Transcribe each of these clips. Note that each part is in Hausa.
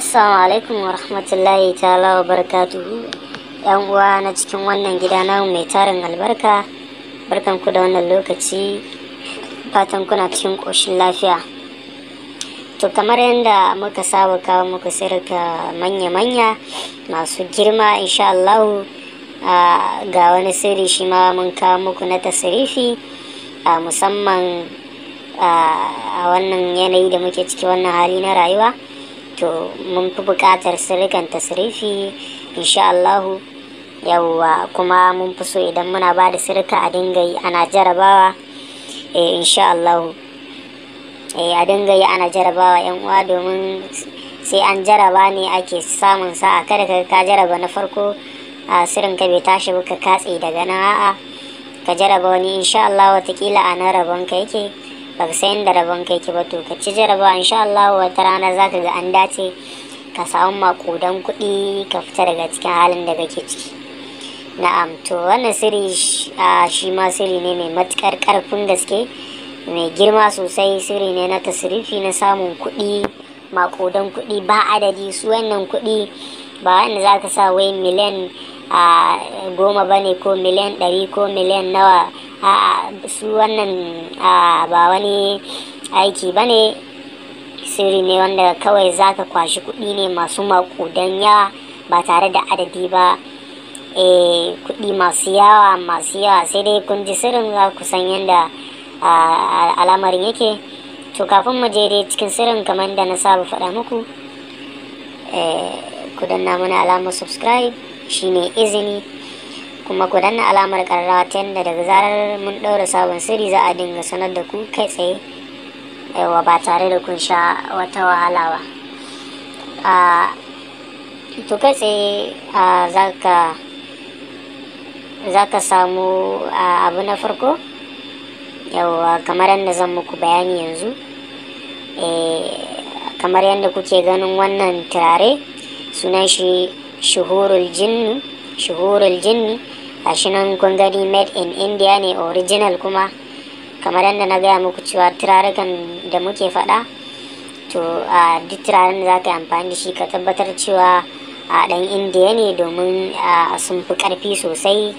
Assalamu alaikum wa rahmatullahi ta'ala wa barakatuhu. ‘Yan uwa na cikin wannan gida na mai tarin albarka, barkan ku da wannan lokaci, fatan kuna cikin ƙoshin lafiya. To kamar yadda muka saba kawo muka sirka manya-manya masu girma insha ga wani sirri shi ma mun kawo muku na tasirifi a musamman a wannan yanayi da muke ciki wannan hali na rayuwa to mun fi buƙatar sirrikan tasirifi insha Allahu yawwa kuma mun fi so idan muna ba da sirrika a dinga yi ana jarabawa e, insha Allahu eh, a dinga yi ana jarabawa yan uwa domin sai an jaraba ne ake samun sa'a kada ka jaraba na farko a sirin ka bai tashi ba ka katse daga nan a'a ka jaraba wani insha Allah watakila a nan rabon ka yake ba ka san da rabon ka yake ba to ka ci jaraba insha Allah wata rana za ka ga an dace ka samu makudan kuɗi ka fita daga cikin halin da kake ciki na'am to wannan sirri shi ma siri ne mai matukar karfin gaske mai girma sosai siri ne na tasirifi na samun kuɗi makudan kuɗi ba adadi su wannan kuɗi ba wanda za ka sa wai miliyan a goma ba ne ko miliyan ɗari ko miliyan nawa a su wannan ba wani aiki ba ne sirri ne wanda kawai za ka kwashi kuɗi ne masu makudan yawa ba tare da adadi ba eh, kuɗi masu yawa masu yawa sai dai kun ji sirrin za ku san yadda al'amarin yake to kafin mu je dai cikin sirrin kamar da na saba faɗa muku eh, ku danna mana alamar subscribe shine izini kuma ku danna alamar karrawa ta yadda daga zarar mun ɗaura sabon sirri za a dinga sanar da ku kai tsaye yawa ba tare da kun sha wata wahala ba a to kai tsaye a zaka ka samu abu na farko yawa kamar yadda zan muku bayani yanzu eh, kamar yadda kuke ganin wannan turare sunan shi shuhurul jinn shuhurul jinn gashi kun gani made in india ne original kuma kamar yadda na gaya muku cewa turarukan da muke faɗa to a duk turaren da za ka yi amfani da shi ka tabbatar cewa a dan indiya ne domin sun fi ƙarfi sosai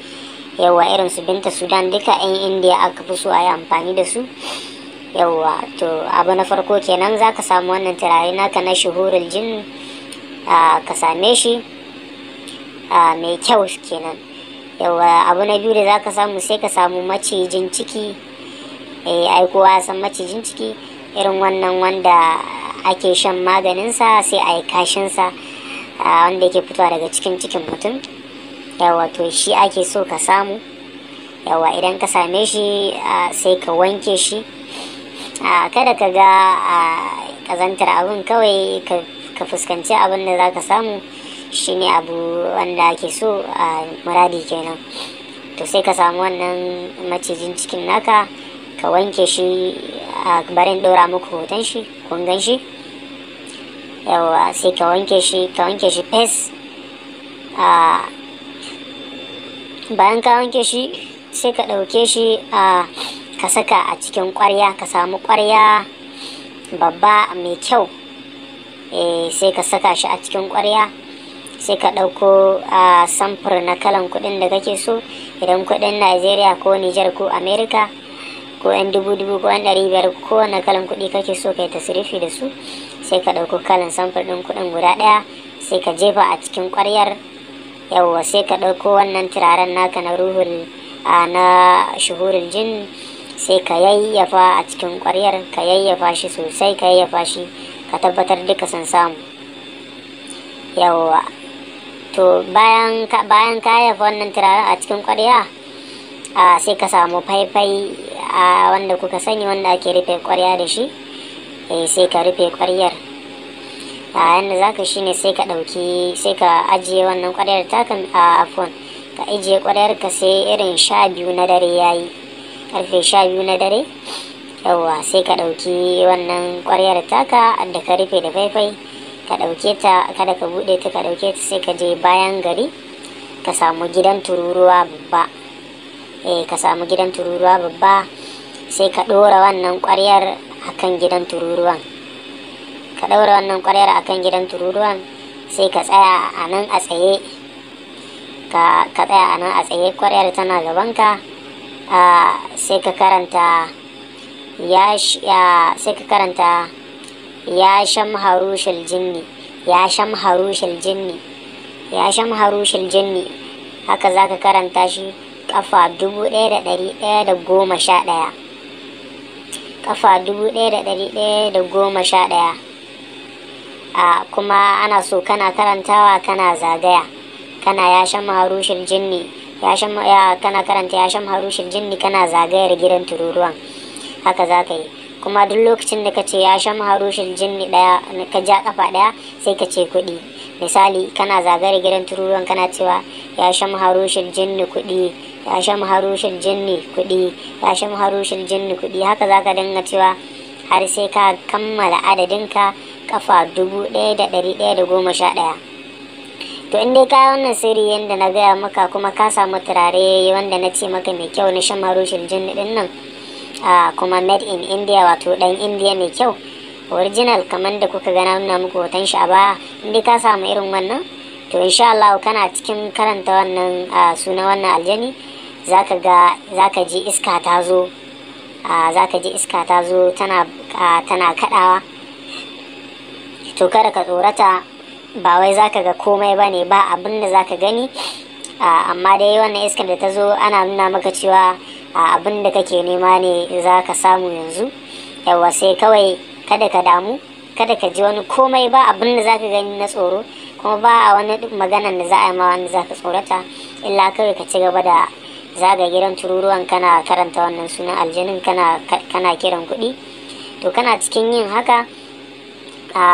yawa irin su binta sudan duka 'yan indiya aka fi so a yi amfani da su yawa to abu na farko kenan za ka samu wannan turare naka na shuhurul jin ka same shi mai kyau kenan yawa abu na biyu da za ka samu sai ka samu macijin ciki eh, ai kowa san macijin ciki irin wannan wanda ake shan maganinsa sai a yi kashinsa wanda yake fitowa daga cikin cikin mutum yawa to shi ake so ka samu yawa idan ka same shi sai ka wanke shi kada ka ga kazantar abin kawai ka fuskanci abin da za ka samu shine abu wanda ake so a muradi kenan to sai ka samu wannan macijin cikin naka ka wanke shi a barin ɗora muku hoton shi kungan shi yawa sai ka wanke shi ka wanke shi pes a bayan ka wanke shi sai ka ɗauke shi a ka saka a cikin ƙwarya ka samu ƙwarya babba mai kyau eh, sai ka saka shi a cikin ƙwarya sai ka ɗauko a samfur na kalan kuɗin da kake so idan kuɗin najeriya ko nijar ko america ko yan dubu dubu ko yan ɗari biyar ko wani kalan kuɗi kake so ka yi tasirifi da su sai ka ɗauko kalan samfur ɗin kuɗin guda ɗaya sai ka jefa a cikin ƙwaryar yawwa sai ka ɗauko wannan turaren naka na ruhul na shuhurin jin sai ka yayyafa a cikin ƙwaryar ka yayyafa shi sosai ka yayyafa shi ka tabbatar duka sun samu yawwa to bayan ka bayan ka yafa wannan turaren a cikin ƙwarya a sai ka samu faifai a wanda kuka sani wanda ake rufe ƙwarya da shi eh sai ka rufe ƙwaryar a yanda zaka shine sai ka ɗauki sai ka ajiye wannan ƙwaryar taka a afon ka ajiye ƙwaryar ka sai irin sha biyu na dare yayi karfe sha biyu na dare yawwa sai ka ɗauki wannan ƙwaryar taka da ka rufe da faifai ka ɗauke ta kada ka buɗe ta ka ɗauke ta sai ka je bayan gari ka samu gidan tururuwa babba eh ka samu gidan tururuwa babba sai ka ɗora wannan ƙwaryar akan gidan tururuwan ka ɗaura wannan ƙwaryar akan gidan tururuwan sai ka tsaya a nan a tsaye ka tsaya a nan a tsaye ƙwaryar tana gabanka ah, sai ka karanta ya ah, sai ka karanta ya sham harushal jinni ya sham harushal jinni ya sham harushal jinni haka zaka karanta shi kafa dubu ɗaya da ɗari ɗaya da goma sha ɗaya kafa dubu ɗaya da ɗari ɗaya da goma sha ɗaya a kuma ana so kana karantawa kana zagaya kana ya sham harushal jinni ya sham ya kana karanta ya sham harushal jinni kana zagayar gidan tururuwan haka zaka yi kuma duk lokacin da ka ce ya sha maharushin jinni daya ka ja kafa daya sai ka ce kuɗi misali kana zagare gidan tururuwan kana cewa ya sha maharushin jinni kuɗi ya sha maharushin jinni kuɗi ya sha maharushin jinni kuɗi haka za ka dinga cewa har sai ka kammala adadin ka kafa dubu ɗaya da ɗari ɗaya da goma sha ɗaya to in dai kayan wannan sirri yadda na gaya maka kuma ka samu turare wanda na ce maka mai kyau na shan jin jini dinnan. Ah, kuma made in india wato dan india mai kyau original kamar da kuka gana nuna muku hoton shi a baya inda ka samu irin wannan to insha Allah kana cikin karanta wannan ah, suna wannan aljani zaka ga zaka ji iska ta zo ah, zaka ji iska ta zo tana tana kadawa to kada ka tsorata ba wai zaka ga komai bane ba abin da zaka gani amma dai wannan iskar da ta zo ana nuna maka cewa a abin da kake nema ne za ka samu yanzu yawa sai kawai kada ka damu kada ka ji wani komai ba abin da za ka gani na tsoro kuma ba a wani maganan da za a yi ma wani za ka tsorata illa kawai ka ci gaba da zaga gidan tururuwan kana karanta wannan sunan aljanin kana kiran kuɗi to kana cikin yin haka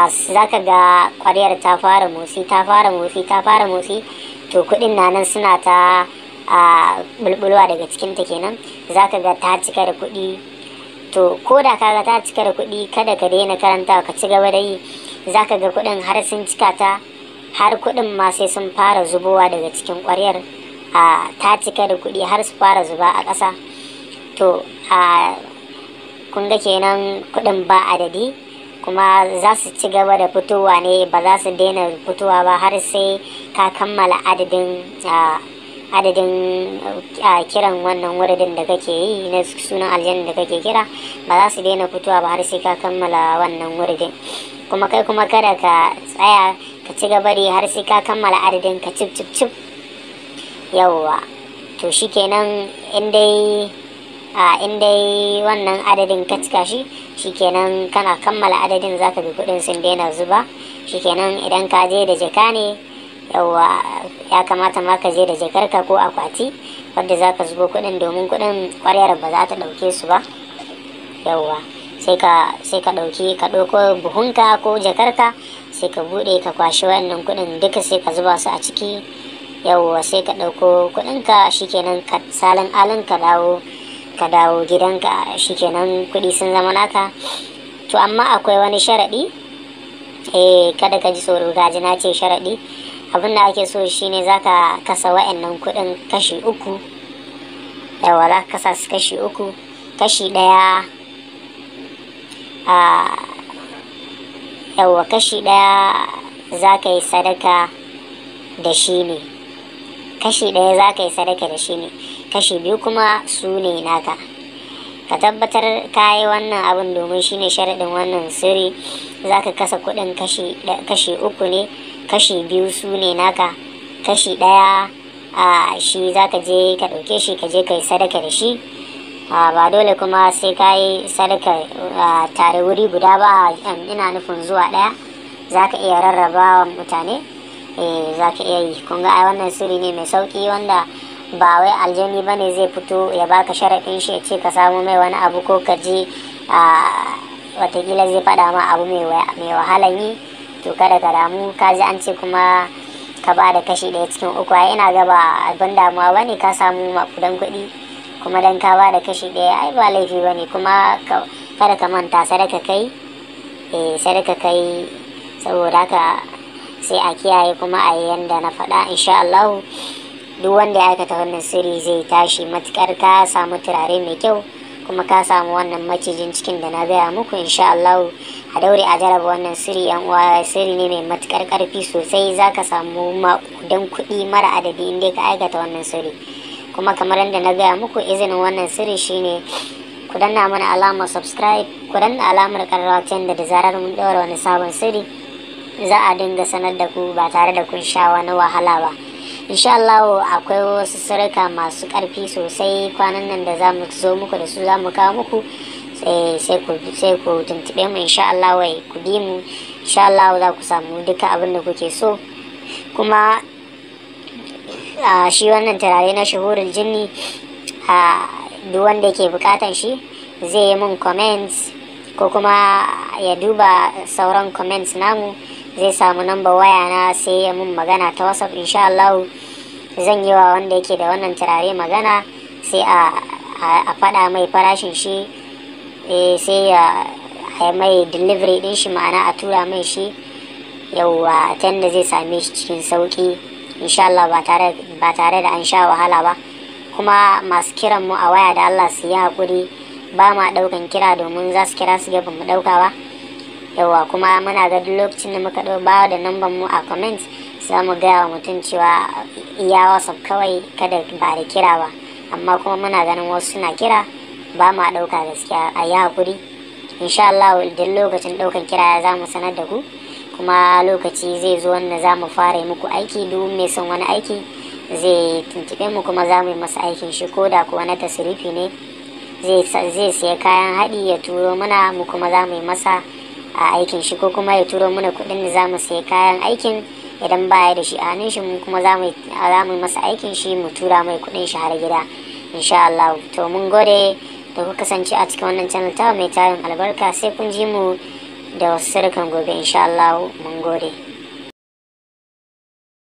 za ka ga ƙwariyar ta fara motsi ta fara motsi ta fara motsi to kuɗin na nan suna ta a bulbulwa daga cikinta kenan za ka ga ta cika da kuɗi to ko da ka ga ta cika da kuɗi kada ka daina karanta ka ci gaba da yi za ka ga kuɗin har sun cika ta har kuɗin ma sai sun fara zubowa daga cikin ƙwaryar a ta cika da kuɗi har su fara zuba a ƙasa to a kun ga kenan kuɗin ba adadi kuma za su ci gaba da fitowa ne ba za su daina fitowa ba har sai ka kammala adadin adadin a kiran wannan wuridin da kake yi na sunan aljanin da kake kira ba za su daina fitowa ba har sai ka kammala wannan wuridin kuma kai kuma kada ka tsaya ka ci gaba da har sai ka kammala adadin ka cip cip cip yawwa to shikenan in in wannan adadin ka cika shi shikenan kana kammala adadin zaka bi kudin sun daina zuba shikenan idan ka je da jaka ne yawa ya kamata ma ka je da jakarka ko akwati wadda za ka zubo kuɗin domin kuɗin ƙwaryar ba za ta ɗauke su ba yawa sai ka dauki ka ɗauki buhunka ko jakarka sai ka buɗe ka kwashe wannan kuɗin duka sai ka zuba su a ciki yawa sai ka ɗauko kuɗinka shikenan ka salin alin ka dawo ka dawo gidanka shikenan kuɗi sun zama naka to amma akwai wani sharaɗi eh kada ka ji tsoro gaji na ce sharaɗi abin da ake so shine zaka kasa wa'annan kuɗin kashi uku yawa za ka kasa su kashi uku kashi ɗaya a yawa kashi ɗaya za ka yi sadaka da shi ne kashi ɗaya za ka yi sadaka da shi ne kashi biyu kuma su ne naka ka tabbatar ka yi wannan abin domin shine sharaɗin wannan sirri za ka kasa kuɗin kashi uku ne kashi biyu su ne naka kashi ɗaya a shi za ka je ka ɗauke shi ka je ka yi sadaka da shi ba dole kuma sai ka yi sadaka tare wuri guda ba a ina nufin zuwa ɗaya za ka iya rarraba wa mutane eh, za ka iya yi kun ga wannan sirri ne mai sauki wanda ba wai aljani bane zai fito ya baka sharaɗin shi ya ce ka samu mai wani abu ko ka je a watakila zai faɗa ma abu mai wahalan yi to kada ka damu ka ji an ce kuma ka ba da kashi ɗaya cikin uku ai ina gaba abin damuwa ba ne ka samu makudan kuɗi kuma dan ka ba da kashi ɗaya ai ba laifi bane kuma kada ka manta sadaka kai eh sadaka kai saboda haka sai a kiyaye kuma a yi yanda na faɗa insha Allah duk wanda ya aikata wannan sirri zai tashi matukar ka samu turare mai kyau kuma ka samu wannan macijin cikin da na gaya muku insha Allah a daure a jaraba wannan sirri yan uwa sirri ne mai matukar karfi sosai zaka samu dan kuɗi mara adadi inda ka aikata wannan sirri kuma kamar yadda na gaya muku izinin wannan sirri shine ku danna mana alama subscribe ku danna alamar karrawa ta yadda da zarar mun daura wani sabon sirri za a dinga sanar da ku ba tare da kun sha wani wahala ba. insha Allah akwai wasu sarrafa masu karfi sosai kwanan nan da za mu zo muku da su za mu kawo muku sai ku tuntube mu insha Allah wai ku bi mu insha Allah za ku samu duka abin da kuke so kuma shi wannan turare na shahurin jinni duk wanda ke bukatan shi zai yi mun comments ko kuma ya duba sauran comments namu zai samu namba waya na sai ya mun magana ta wasa insha Allah zan yi wa wanda yake da wannan turare magana sai a faɗa mai farashin shi eh, sai ya mai delivery din shi ma'ana a tura mai shi yauwa ta yadda zai same shi cikin sauƙi insha Allah ba tare da an sha wahala ba kuma masu kiran mu a waya da Allah su yi haƙuri ba ma ɗaukan kira domin za su kira su ga mu ɗauka ba yawa kuma muna ga duk lokacin da muka ɗau bawa da namban mu a comment za mu gaya wa mutum cewa iya whatsapp kawai kada ba da kira ba amma kuma muna ganin wasu suna kira ba ma ɗauka gaskiya a yi haƙuri insha Allah idan lokacin ɗaukan kira za mu sanar da ku kuma lokaci zai zo wanda za mu fara muku aiki duk mai son wani aiki zai tuntube mu kuma za mu yi masa aikin shi ko da kuwa na tasirifi ne zai saya kayan haɗi ya turo mana mu kuma za mu yi masa a aikin shi ko kuma ya turo mana kuɗin da za mu sayi kayan aikin idan ba ya da shi a hannun shi mu kuma za mu masa aikin shi mu tura mai kuɗin shi har gida insha Allah to mun gode da ku kasance a cikin wannan channel ta mai tarin albarka sai kun ji mu da wasu sirrukan gobe insha Allah mun gode